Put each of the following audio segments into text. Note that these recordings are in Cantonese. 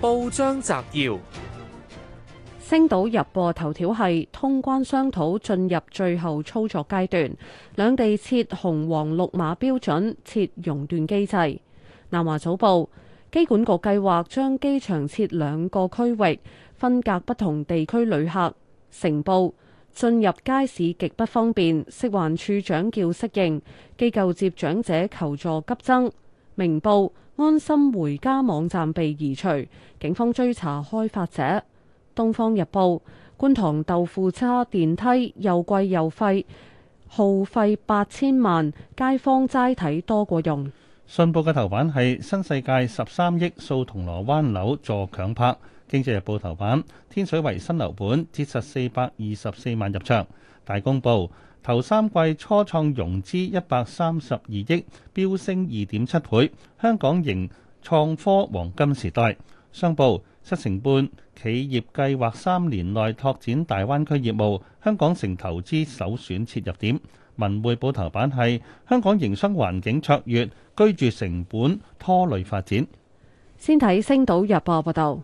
報章摘要：星島日報頭條係通關商討進入最後操作階段，兩地設紅黃綠碼標準，設熔斷機制。南華早報：機管局計劃將機場設兩個區域，分隔不同地區旅客。成報：進入街市極不方便，食環處長叫適應。機構接長者求助急增。明報安心回家網站被移除，警方追查開發者。《東方日報》觀塘豆腐渣電梯又貴又廢，耗費八千萬，街坊齋睇多過用。《信報》嘅頭版係新世界十三億掃銅鑼灣樓助強拍，《經濟日報》頭版天水圍新樓盤折實四百二十四萬入場，《大公報》，頭三季初創融資一百三十二億，飆升二點七倍。香港迎創科黃金時代。商報七成半企業計劃三年內拓展大灣區業務，香港成投資首選切入點。文匯報頭版係香港營商環境卓越，居住成本拖累發展。先睇《星島日報》報道。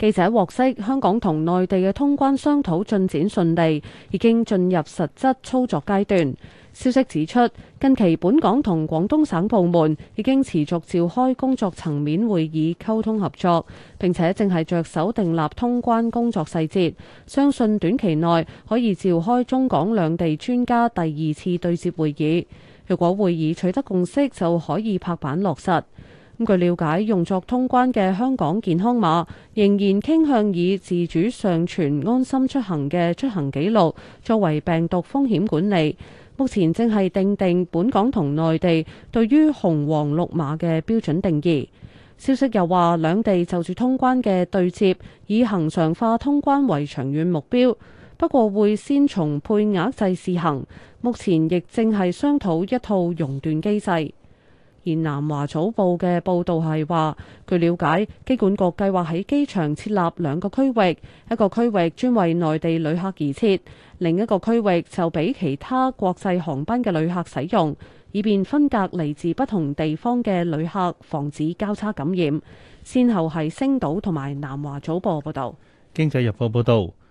記者獲悉，香港同內地嘅通關商討進展順利，已經進入實質操作階段。消息指出，近期本港同廣東省部門已經持續召開工作層面會議溝通合作，並且正係着手訂立通關工作細節。相信短期內可以召開中港兩地專家第二次對接會議。若果會議取得共識，就可以拍板落實。據了解，用作通關嘅香港健康碼仍然傾向以自主上傳安心出行嘅出行記錄作為病毒風險管理。目前正係訂定本港同內地對於紅黃綠碼嘅標準定義。消息又話，兩地就住通關嘅對接，以恒常化通關為長遠目標，不過會先從配額制試行。目前亦正係商討一套熔斷機制。而南華早報嘅報道係話，據了解，機管局計劃喺機場設立兩個區域，一個區域專為內地旅客而設，另一個區域就俾其他國際航班嘅旅客使用，以便分隔嚟自不同地方嘅旅客，防止交叉感染。先後係星島同埋南華早報報道。經濟日報報道。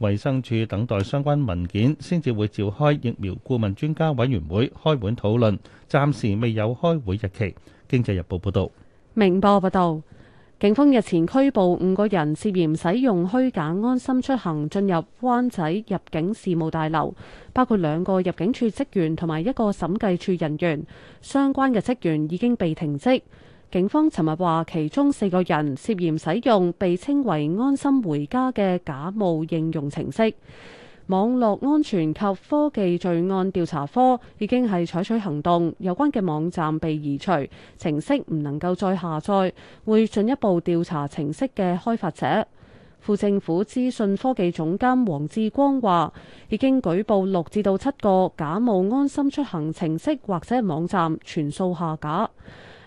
衛生署等待相關文件，先至會召開疫苗顧問專家委員會開會討論，暫時未有開會日期。經濟日報報道，明報報道，警方日前拘捕五個人涉嫌使用虛假安心出行進入灣仔入境事務大樓，包括兩個入境處職員同埋一個審計處人員，相關嘅職員已經被停職。警方尋日話，其中四個人涉嫌使用被稱為安心回家嘅假冒應用程式。網絡安全及科技罪案調查科已經係採取行動，有關嘅網站被移除，程式唔能夠再下載，會進一步調查程式嘅開發者。副政府資訊科技總監黃志光話，已經舉報六至到七個假冒安心出行程式或者網站，全數下架。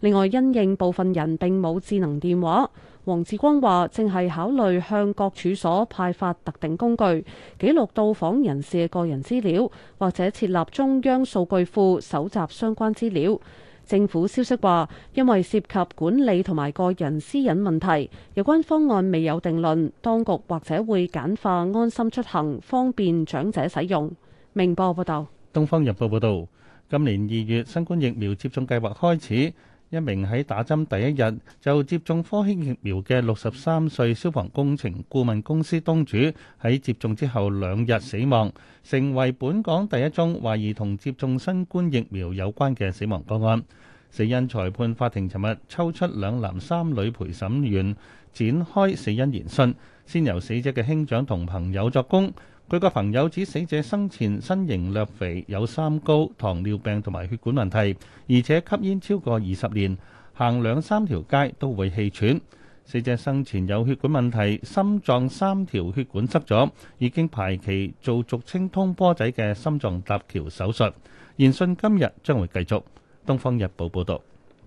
另外，因應部分人並冇智能電話，黃志光話正係考慮向各處所派發特定工具，記錄到訪人士嘅個人資料，或者設立中央數據庫搜集相關資料。政府消息話，因為涉及管理同埋個人私隱問題，有關方案未有定論。當局或者會簡化安心出行，方便長者使用。明報報道，東方日報報道，今年二月新冠疫苗接種計劃開始。一名喺打針第一日就接種科興疫苗嘅六十三歲消防工程顧問公司東主喺接種之後兩日死亡，成為本港第一宗懷疑同接種新冠疫苗有關嘅死亡個案。死因裁判法庭尋日抽出兩男三女陪審員展開死因言訊，先由死者嘅兄長同朋友作供。佢個朋友指死者生前身形略肥，有三高、糖尿病同埋血管問題，而且吸煙超過二十年，行兩三條街都會氣喘。死者生前有血管問題，心臟三條血管塞咗，已經排期做俗稱通波仔嘅心臟搭橋手術。言訊今日將會繼續。東方日報報道，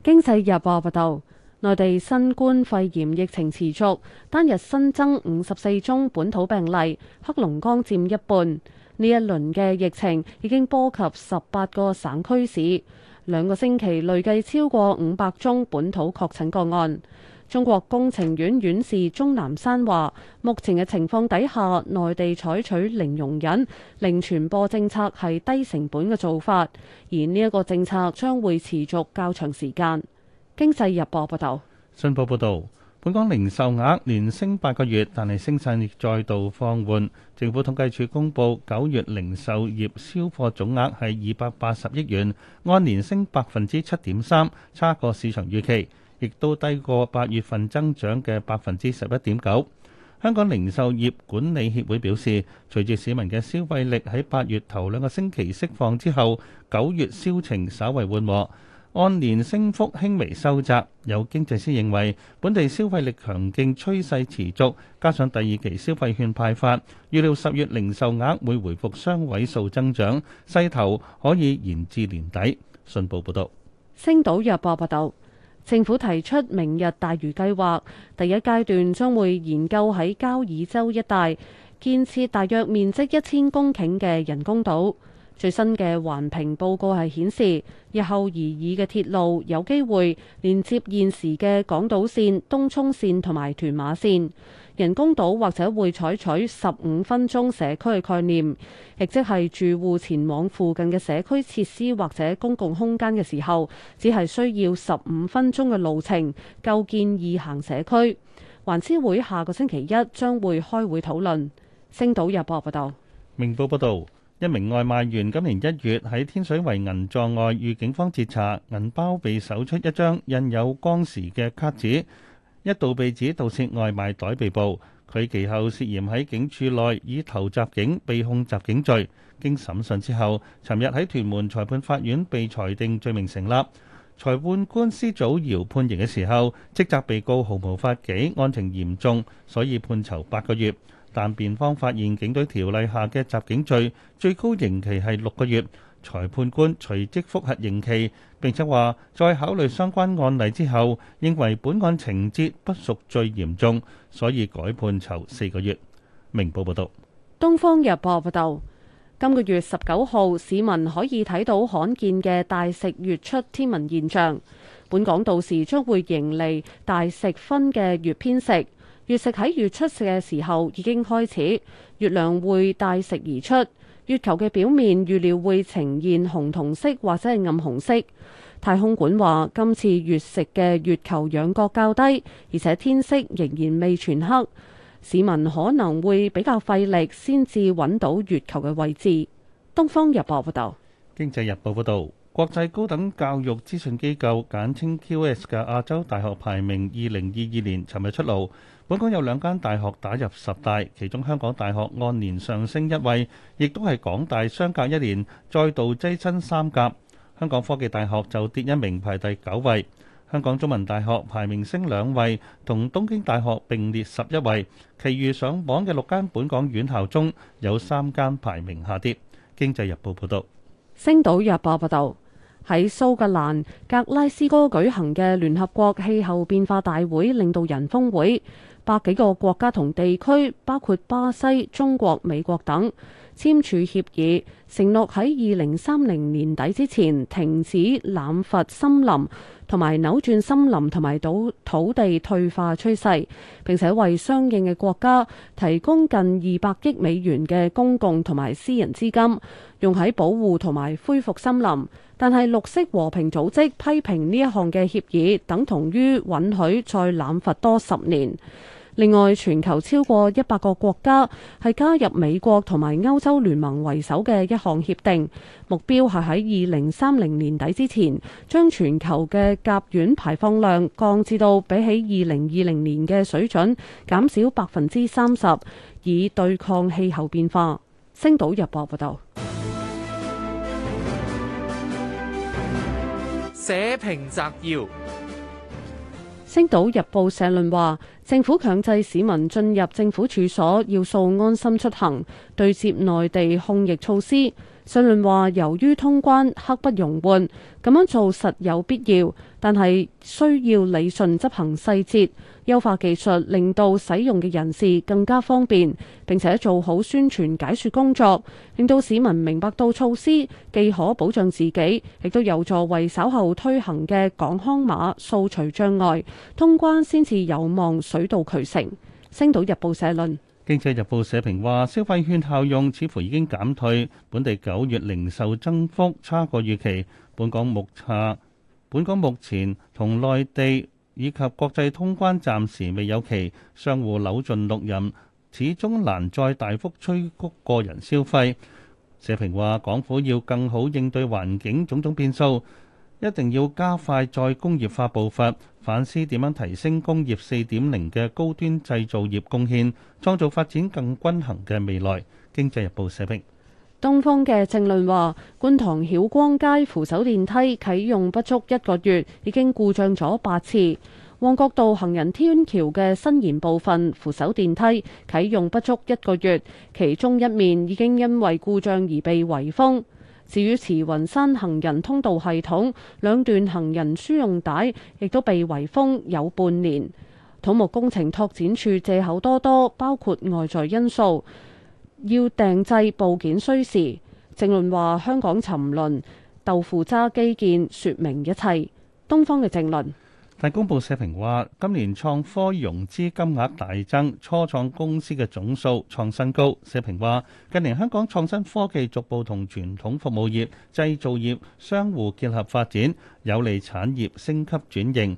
經濟日報報道。內地新冠肺炎疫情持續，單日新增五十四宗本土病例，黑龍江佔一半。呢一輪嘅疫情已經波及十八個省區市，兩個星期累計超過五百宗本土確診個案。中國工程院院士鍾南山話：目前嘅情況底下，內地採取零容忍、零傳播政策係低成本嘅做法，而呢一個政策將會持續較長時間。經濟日報報道，信報報道，本港零售額連升八個月，但係升勢亦再度放緩。政府統計處公布，九月零售業銷貨總額係二百八十億元，按年升百分之七點三，差過市場預期，亦都低過八月份增長嘅百分之十一點九。香港零售業管理協會表示，隨住市民嘅消費力喺八月頭兩個星期釋放之後，九月銷情稍為緩和。按年升幅輕微收窄，有經濟師認為本地消費力強勁趨勢持續，加上第二期消費券派發，預料十月零售額會回復雙位數增長，勢頭可以延至年底。信報報道，星島日報報道，政府提出明日大嶼計劃，第一階段將會研究喺交椅洲一帶建設大約面積一千公頃嘅人工島。最新嘅環評報告係顯示，日後而已嘅鐵路有機會連接現時嘅港島線、東涌線同埋屯馬線。人工島或者會採取十五分鐘社區嘅概念，亦即係住戶前往附近嘅社區設施或者公共空間嘅時候，只係需要十五分鐘嘅路程，構建易行社區。環諮會下個星期一將會開會討論。星島日報報道。明報報導。一名外賣員今年一月喺天水圍銀座外遇警方截查，銀包被搜出一張印有光時嘅卡紙，一度被指盜竊外賣袋被捕。佢其後涉嫌喺警署內以頭襲警，被控襲警罪。經審訊之後，尋日喺屯門裁判法院被裁定罪名成立。裁判官施祖堯判刑嘅時候，斥責被告毫無法紀，案情嚴重，所以判囚八個月。但辯方發現警隊條例下嘅襲警罪最高刑期係六個月，裁判官隨即覆核刑期，並且話再考慮相關案例之後，認為本案情節不屬最嚴重，所以改判囚四個月。明報報導。東方日報報導，今個月十九號市民可以睇到罕見嘅大食月出天文現象，本港到時將會迎嚟大食分嘅月偏食。月食喺月出食嘅時候已經開始，月亮會帶食而出，月球嘅表面預料會呈現紅銅色或者係暗紅色。太空館話，今次月食嘅月球仰角較低，而且天色仍然未全黑，市民可能會比較費力先至揾到月球嘅位置。《東方日報》報道。《經濟日報》報道，國際高等教育資訊機構簡稱 QS 嘅亞洲大學排名二零二二年尋日出爐。本港有兩間大學打入十大，其中香港大學按年上升一位，亦都係港大相隔一年再度躋身三甲。香港科技大學就跌一名排第九位，香港中文大學排名升兩位，同東京大學並列十一位。其餘上榜嘅六間本港院校中有三間排名下跌。經濟日報報導。星島日報報導，喺蘇格蘭格拉斯哥舉行嘅聯合國氣候變化大會領導人峰會，百幾個國家同地區，包括巴西、中國、美國等，簽署協議，承諾喺二零三零年底之前停止濫伐森林，同埋扭轉森林同埋土土地退化趨勢。並且為相應嘅國家提供近二百億美元嘅公共同埋私人資金，用喺保護同埋恢復森林。但係，綠色和平組織批評呢一項嘅協議等同於允許再濫伐多十年。另外，全球超過一百個國家係加入美國同埋歐洲聯盟為首嘅一項協定，目標係喺二零三零年底之前，將全球嘅甲烷排放量降至到比起二零二零年嘅水準減少百分之三十，以對抗氣候變化。星島日報報道。社評摘要。星島日報社論話，政府強制市民進入政府處所要掃安心出行，對接內地控疫措施。社論話，由於通關刻不容緩，咁樣做實有必要，但係需要理順執行細節。優化技術，令到使用嘅人士更加方便，並且做好宣傳解說工作，令到市民明白到措施，既可保障自己，亦都有助為稍後推行嘅港康碼掃除障礙，通關先至有望水到渠成。星島日報社論，經濟日報社評話，消費券效用似乎已經減退，本地九月零售增幅差過預期。本港目測，本港目前同內地。以及國際通關暫時未有期，商戶扭盡六壬，始終難再大幅催谷個人消費。社評話：港府要更好應對環境種種變數，一定要加快再工業化步伐，反思點樣提升工業四點零嘅高端製造業貢獻，創造發展更均衡嘅未來。經濟日報社評。東方嘅政論話，觀塘曉光街扶手電梯啟用不足一個月，已經故障咗八次。旺角道行人天橋嘅伸延部分扶手電梯啟用不足一個月，其中一面已經因為故障而被圍封。至於慈雲山行人通道系統，兩段行人輸用帶亦都被圍封有半年。土木工程拓展處借口多多，包括外在因素。要訂製部件需時，正論話，香港沉淪，豆腐渣基建，説明一切。東方嘅正論。《大公報》社評話，今年創科融資金額大增，初創公司嘅總數創新高。社評話，近年香港創新科技逐步同傳統服務業、製造業相互結合發展，有利產業升級轉型。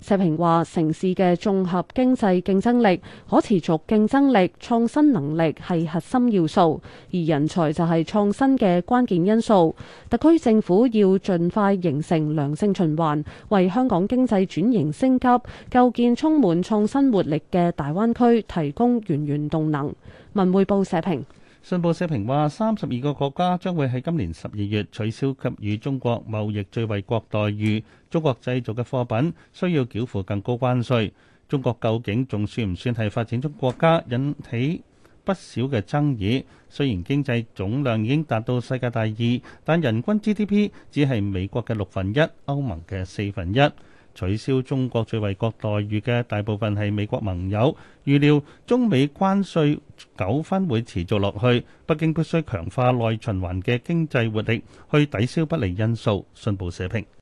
社評話：城市嘅綜合經濟競爭力、可持續競爭力、創新能力係核心要素，而人才就係創新嘅關鍵因素。特區政府要盡快形成良性循環，為香港經濟轉型升級、構建充滿創新活力嘅大灣區提供源源動能。文匯報社評。信報社評話：三十二個國家將會喺今年十二月取消給予中國貿易最惠國待遇，中國製造嘅貨品需要繳付更高關稅。中國究竟仲算唔算係發展中國家？引起不少嘅爭議。雖然經濟總量已經達到世界第二，但人均 GDP 只係美國嘅六分一，歐盟嘅四分一。取消中國最惠國待遇嘅大部分係美國盟友，預料中美關稅糾紛會持續落去，北京必須強化內循環嘅經濟活力去抵消不利因素。信報社評。